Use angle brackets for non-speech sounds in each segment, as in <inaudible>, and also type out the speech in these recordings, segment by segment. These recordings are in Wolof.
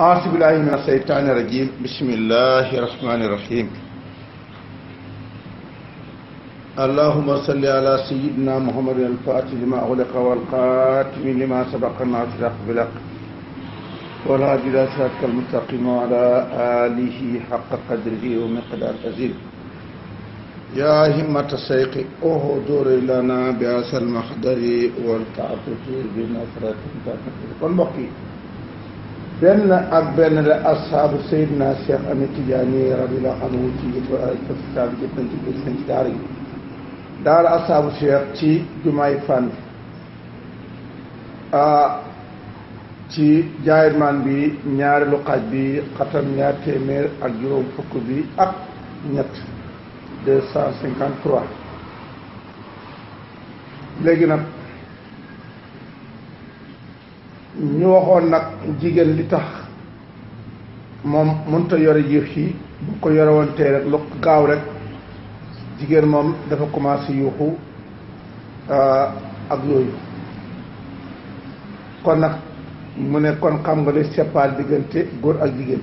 أعوذ بالله من الشيطان الرجيم بسم الله الرحمن الرحيم اللهم صل على سيدنا محمد الفاتح لما أغلق والقاتم لما سبق الناصر قبلك ولا إلى المستقيم على آله حق قدره ومقدار أزيل يا همة السيق أهدر لنا بأس المحضر والتعبد بنصرة تنقل بقي benn ak benn la ashaabu Seydina Cheikh Ahmed Tidiane radiyallahu anhu ci hôpital euh, bi ci gis nañ ci daara yi daara ashaabu Cheikh ci jumaay Fann ah, ci jaayirmaan bi ñaareelu xaaj bi xatam ñaar téeméer ak juróom fukk bi ak ñett léegi nag ñu waxoon nag jigéen li tax moom mënta yore yëf yi bu ko yore woon tee rek lu gaaw rek jigéen moom dafa commencé yuuxu ah, ak yooyu kon nag mu ne kon xam nga li seppaal diggante góor ak jigéen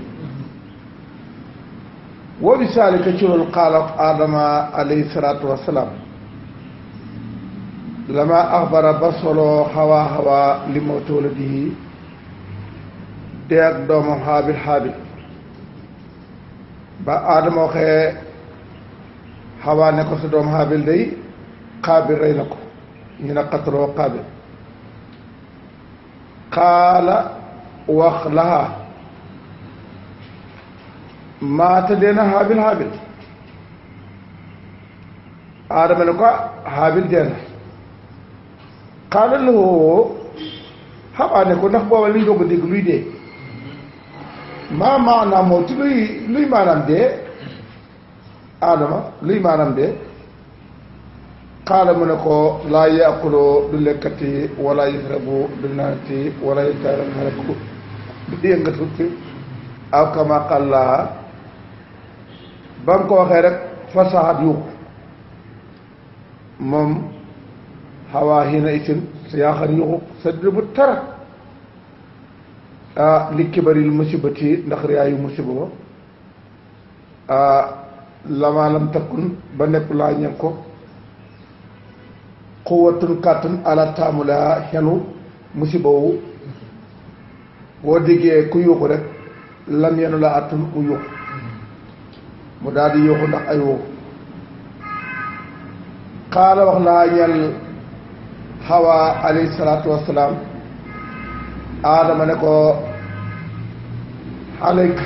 wa bi saalika ci loolu xaala aadama alayhi salaatu wassalaam lama axbara ba solo xawaa xawaa li ma tóola di deeg doomam xaabil xaabil ba aadama waxee xawaa ne ko sa doom xaabil day xaabil rey na ko ñu ne xataloo xaabil xaala wax lahaa maata deena xaabil xaabil aadama ne ko xaabil deena xaala loo xamaa ne ko ndax booba li ñu doog a dégg luy dee maa maanaam moo ci luy luy maanaam dee aadama luy maanaam dee xaala mu ne ko laa yàquloo du lekkati wala yasrabu du naanati wala yataaram xaraku du yëngatut aw kama qala ba mu ko waxee rek fasaxaat yu moom xawaa hina itin yaaxan yuxu sadd bu tara ah li kibaril musibati ndax riyaayu musiba ba ah lamaalam takkun ba nekk laa ñen ko quwatun kàttun ala taamula xenu musiba wu boo déggee ku yuuxu rek lam yenu la attun ku yuuxu mu daal di yuuxu ndax ay woo xaala wax naa ñel xawa alayhi salaatu wassalaam aadama ne ko alayka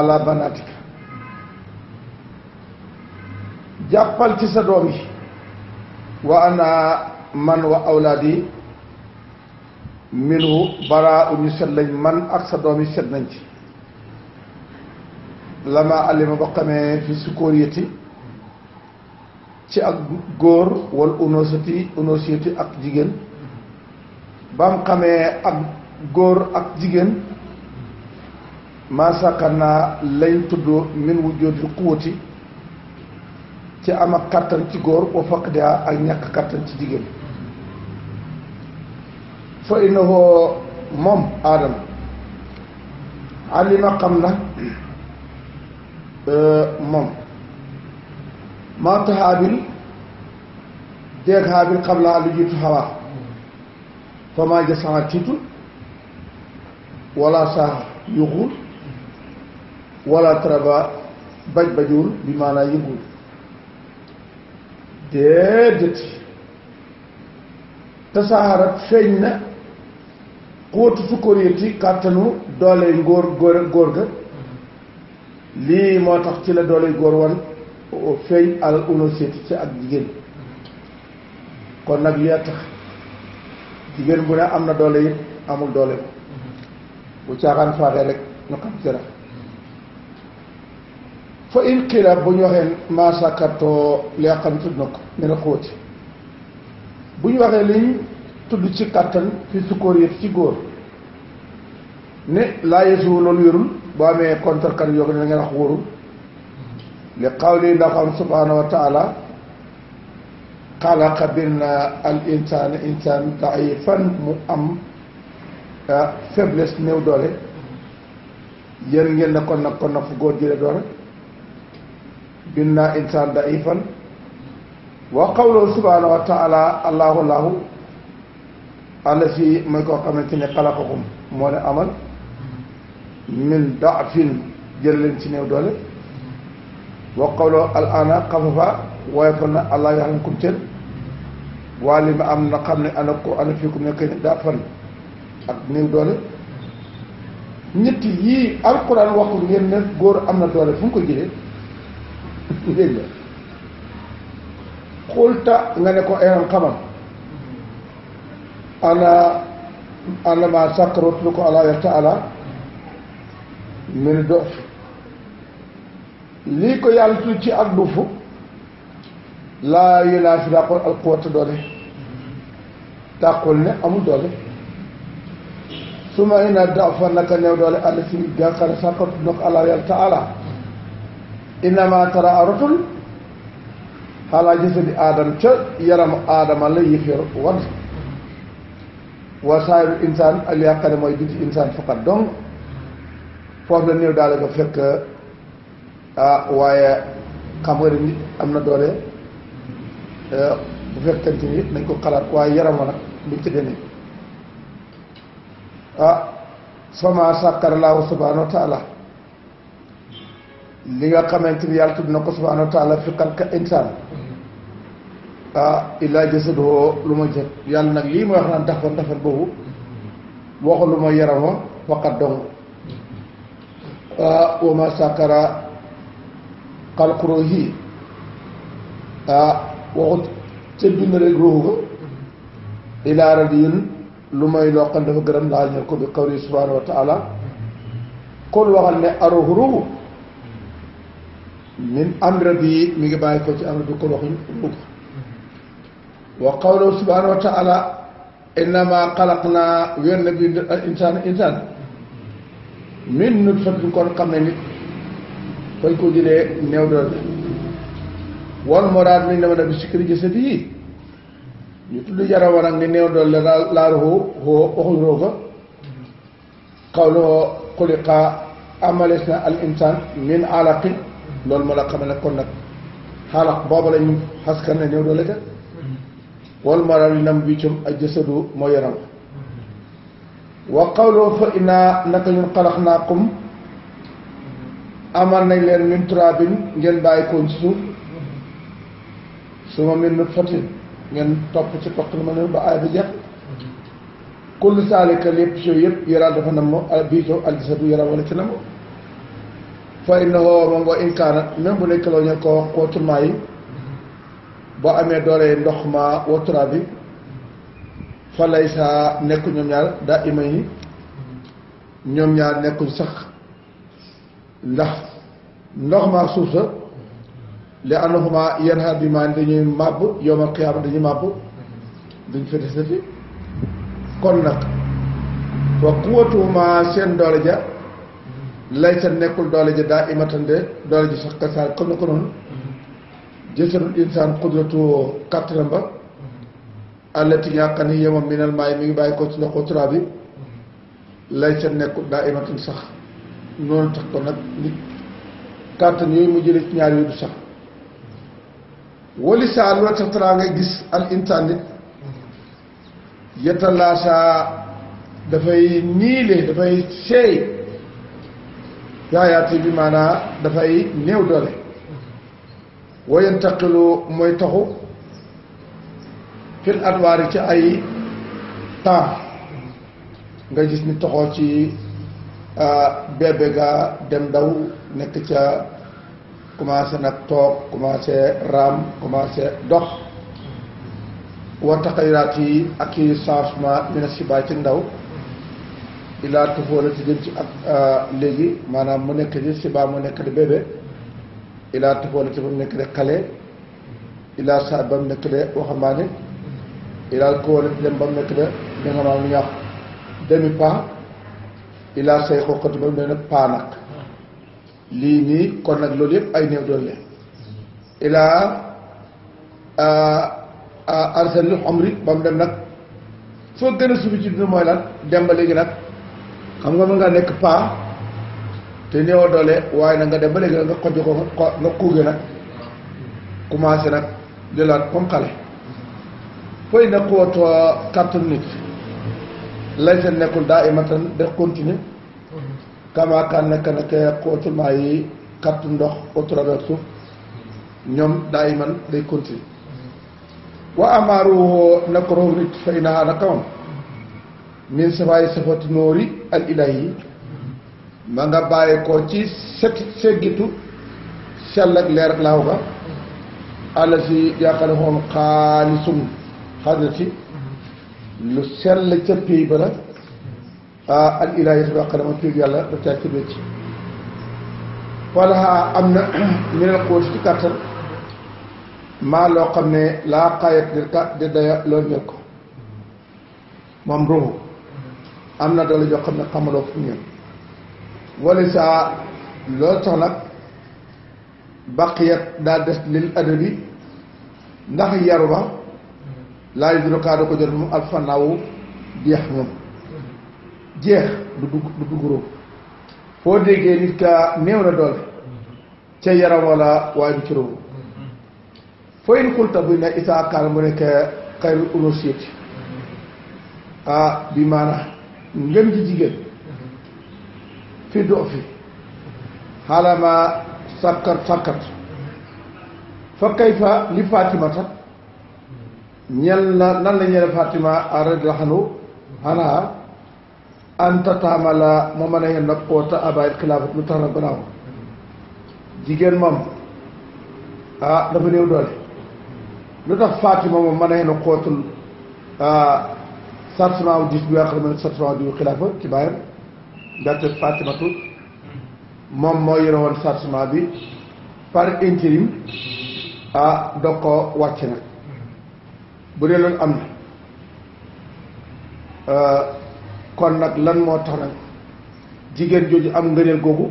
ala banatika jàppal ci sa doom yi wa ana man wa awlaadi minu bara uñu set lañ man ak sa doom set nañ ci lama alima ba xamee fi sukóoriyati ci ak góor wal unosati unosati ak jigéen bam xamee ak góor ak jigéen maasakana lañ tudd min wujjoodil quwati ci am ak kàttan ci góor wa faqdiha ak ñàkk kàttan ci jigéen fa innahu moom aadama alima xam na euh, moom maanta xaabil déeg xaabil xam laa lu jiitu xawaa famaa jasaxa tiitul wala saax yuxul wala taraba baj bajuwul bi maanaa yëgul déedéet tasaaxarat feeñ na xóotu sukkariyati kàttanu doole ngóor góor góor ga lii moo tax ci la doole góor wan feeñ alal uno séeti ci ak jigéen kon nag li tax jigéen bu ne am na doole it amul doole bu caaxaan faaxee rek ñu xam ci raf fa in xiila bu ñu waxee maasakatoo li nga xam tudd na ko mel ne xóoti bu ñu waxee liñ tudd ci kàttan fi sukkoor yëpp ci góor ne laa yesu loolu wérul boo amee contre kan yoo xam ne da ngeen wax wóorul li qawli ndax am subhaanahu wa taala xalaqa binna al insaan insaan daifan mu am ah, faiblesse néew doole yéen ngeen ne kon nag kon nag fu góor jële doole binna insaan daifan wa qawluhu subhaanahu wa taala allahu allahu àlla si mooy koo xamante ne xalaqakum moo ne amal min daafin jël leen ci néew doole wa allah yaxlam kum waa li ma am na xam ne ana ko ana fii daa fan ak nin doole ñett yii alquran waxul ngeen ne góor am na doole fu ko jëlee <laughs> dégg nga ne ko eran xamal ana ana ma sàkkarootu ko ala taala min dof lii ko yàlla tudd ci ak duufu laa yéenaa fi dàqul alquwata doole dàqul ne amul doole su ma ina dafa naka néew doole gi sàkkatu ndox allah yàlla taala innama tara aratul xaalaa jasadi aadam ca yaramu aadama la yëfër wat wa saayiru insaan al yàqale mooy biti insaan faqat dong foofu la néew daale ko fekk. ah waaye xam nga nit am na doole eh, bu fekkente ni nañ ko xalaat waaye yaram wa nag luñ ci demee ah fama sàkkara laahu subhanahu li nga xamante ni yàlla tudd na ko subhanahu wa taala fi xalqa insaan ah illaa jasadoo lu ma jët yàlla nag lii ma wax naan dafan dafan boobu waxu lu ma yaram wa faqat dong ah wama sàkkara Qalquruuhi ah waxut ca bind rek ruuxu ko ilaa radiyun lu may loo xam dafa gërëm laa ñëw ko bi qawli subhaanahu wa taala kon waxal ne aruuxu ruuxu min amri rabbi mi ngi bàyyi ko ci amri bi kon waxuñ ruuxu wa qawlu subhaanahu wa taala innamaa xalaqnaa weer na bind al insaana insaan min nutfatin kon xam ne nit fañ ko jëlee néew doole wal muraad mi dama na bi sikkiri jasadi yi ñu tudd yaram waram ngi néew doole laa laaru xoo xoo waxuñoo ko xawloo xuliqa amales na al insaan min alaqi loolu moo la xamal ne kon nag xalaq booba lañu xaskan ne néew doole ka wal muraad mi nam bi cum ak jasadu moo yaram wa xawloo fa inaa naka ñun xalaq naa kum amal nañ leen min turaabin ngeen bàyyi ko ci suuf suma min nutfatin ngeen topp ci toq ma ne ba aay bi jeex kullu saalika lépp ci yëpp yaram dafa nam moo biitoo algisatu yaram wala ci namoo fa inna hoo moom wa inkaana même nekk loo ñu ko wax koo turmaa yi boo amee doole ndox ma wa bi fa lay saa nekk ñoom ñaar daa ima ñoom ñaar nekkuñ sax ndax ndox ma suuf sa li annahuma yanha bi maa dañuy màbb yowmal qiyaama dañuy màbb duñ fa des na fi kon nag wa quwwatuhuma seen doole ja layta nekkul doole ja daa imatan de doole ja sax kasaar comme na ko noonu jësanul insaan qudratu kàttanam ba allati nga xam ne yemam minal maay mi ngi bàyyi ko ci ndoxu turaa bi layta nekkul daa imatan sax loolu tax ko nag nit kàttan yooyu mu jëlee ci ñaar yooyu sax wali saa loolu tax taraa ngay gis al insaan nit yetalaasaa dafay niile dafay seey yaayaate bi maanaa dafay néew doole wayantaqilu mooy taxu fil adwaari ci ay temps nga gis ni toxoo ci Ah, bébéga dem daw nekk ca commencé nag toog commencé raam commencé dox war taxayraat yi ak i changement mi ci ndaw ilaa tufóola ci jëm ci ak ah, léegi maanaam mu nekk di si baa mu nekk di bébé ilaa tufóola ci ba mu nekk di xale ilaa saat ba mu nekk di waxambaane ilaa kowóola ci dem ba mu nekk di da nga maam ñaax demi pas ilaa say xoqati ba nee na nag lii nii kon nag loolu yëpp ay néew doole ilaa arsène lu xomri ba mu dem nag foo gën a subi ci dund mooy lan dem ba léegi nag xam nga mën ngaa nekk paa te néew doole waaye nag nga dem ba léegi nag nga xojj ko nga kuuge nag commencé nag jëlaat comme xale fooy na kuwatoo kàttan lay nekkul daa imatan de continuer kama kaan nekk nekk yàqu autrement yi ndox au travers ñoom daa iman day continuer wa amaaru nag roog nit fay naa naka moom min safaay safati noori al ilahi ma nga bàyyi ko ci set seggitu sell ak leer ak ga àll si yaakaar xaalisum xaalis lu sell ca pay ba la ah al ilaahi ba xanaa ma pay yàlla daf caa ci wécc wala am na ñu ne ko ci kàttan maa loo xam ne laa xaayat di daya loo ñëw ko moom ruuxu am na doole joo xam ne xamaloo fu ñëw wala saa loolu tax nag baqiyat daa des lil adabi ndax yaru laa yu durokaado ko jot mu alfanaawu jeex moom jeex du dugg du dugg róom foo déggee nit ka néew na doole ca yaram wala waaye du ci róom foo in xulta buy ne isaakaar mu nekk xayrul unosiyati ah bi maana ngëm ji jigéen fi du fi xaalama sàkkat sàkkat fa kay fa li Fatimata ñel nan la ñeel Fatima radiyallahu anha an tataamala mu mën a yem nag oota abayit xilaafat lu tax na gannaaw jigéen ah dafa néew doole lu tax Fatima moom mën a yem nag ootul sept cent dix bi nga xam ne sept cent ci bàyyam ndaxte Fatimatu moom moo yore woon sept cent bi par intérim ah doko ko wàcc bu dee loolu am na euh, kon nag lan moo tax nag jigéen jooju am ngëneel googu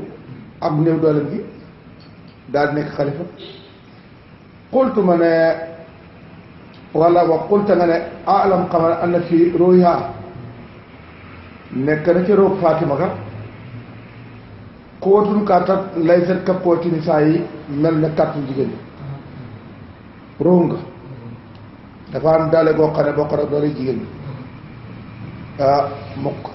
ak néew dooleem gi daal di nekk xalifa xultu ma ne wala wax xulta nga ne alam xamal am na fii ruuha nekk na ci roog Fatima ka xóotun kàttan lay set ka xóotini saa yi mel na kàttan jigéen ñi roo nga dafa am doole boo xam ne bokk na doole jigéen bi ah, mukk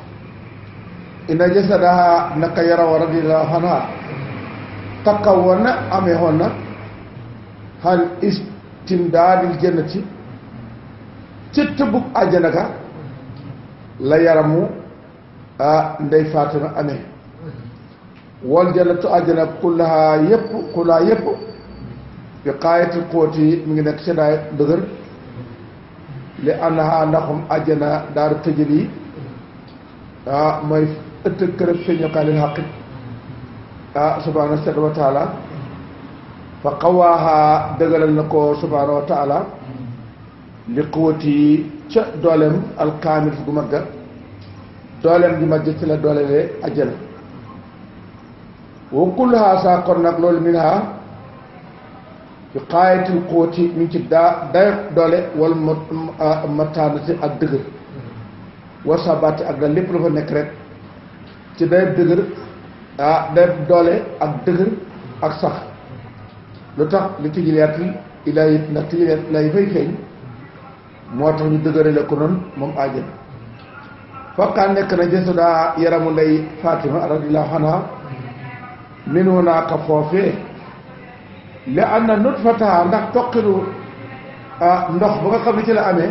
ina jasadaha naka yarawa radiyallahu anha takka woon na amee woon na xan istimdaadil jannati ci tëbbug àjjana ga la yaramu ah ndey Fatima amee wal jannatu àjjana kullaha yëpp kullaha yëpp bi xaayatil xóoti mi ngi nekk ca daay li annaha ndaxum àjjana daaru tëjëli ah mooy ëtt kërëb feeñukaalil xaqit ah subhaanahu wa taala fa qawaaha dëgëral na ko subhaanahu wa taala li quwati ca dooleem alkaamil gu mag ga dooleem gi mag ci la doolelee àjjana wa kulluha saa kon nag loolu min ha fi xaayatil xóoti mi ngi ci daa dayo doole wala mataanati ak dëgër war sa bàtti ak daal lépp la fa nekk rek ci day dëgër ah day doole ak dëgër ak sax lu tax li tijjileet yi lay ndax tijjileet lay fay feeñ moo tax ñu dëgërale ko noonu moom àjjana fakkaan nekk na jësadaa yaramu lay Fatima radiyallahu anha min wonaaka foofee li am na nut fataha ndax toqinu ndox ba nga xam ne ci la amee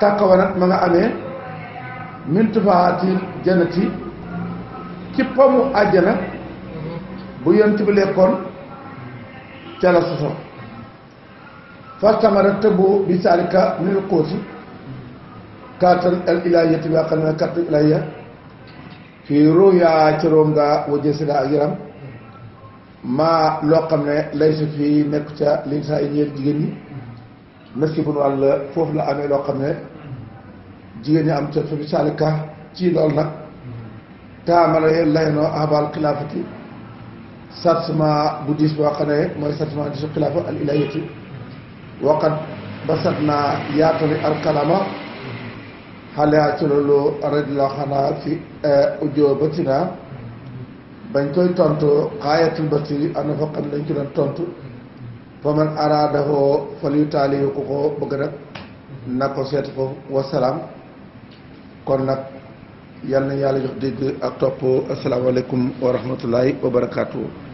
tàkkawanat ma nga amee min tufaatil jannati ci pomu àjjana bu yonent bi lekkoon ca la soso fastamara tëbbu bi saalika minul xóoti kàttan al ilaahiyati bi ak xam ne kàttan ilaahiya fii ruuyaa ci room nga wajjee si ak yaram maa loo xam ne lay sa nekk ca liñ saa yi ñeel jigéen ñi meski bu nu wàll foofu la amee loo xam ne jigéen ñi am ca fa misaalika ci loolu nag taamala yee laynoo abal xilaafati sartement bu diis boo xam mooy sartement diisu xilaafa al ilahiyati waqat ba sat naa yaatali al kalama xale a ci loolu raj loo xanaa fi eh, ujjoo ba bañ koy tontoo xaayatul basiri am na foo xam ne dañ ci doon tontu fa man araadahoo fal yu taali yu ko ko bëgg nag na ko seet foofu wasalaam kon nag yal na yàlla jox dégg ak topp asalaamaaleykum wa rahmatullahi wa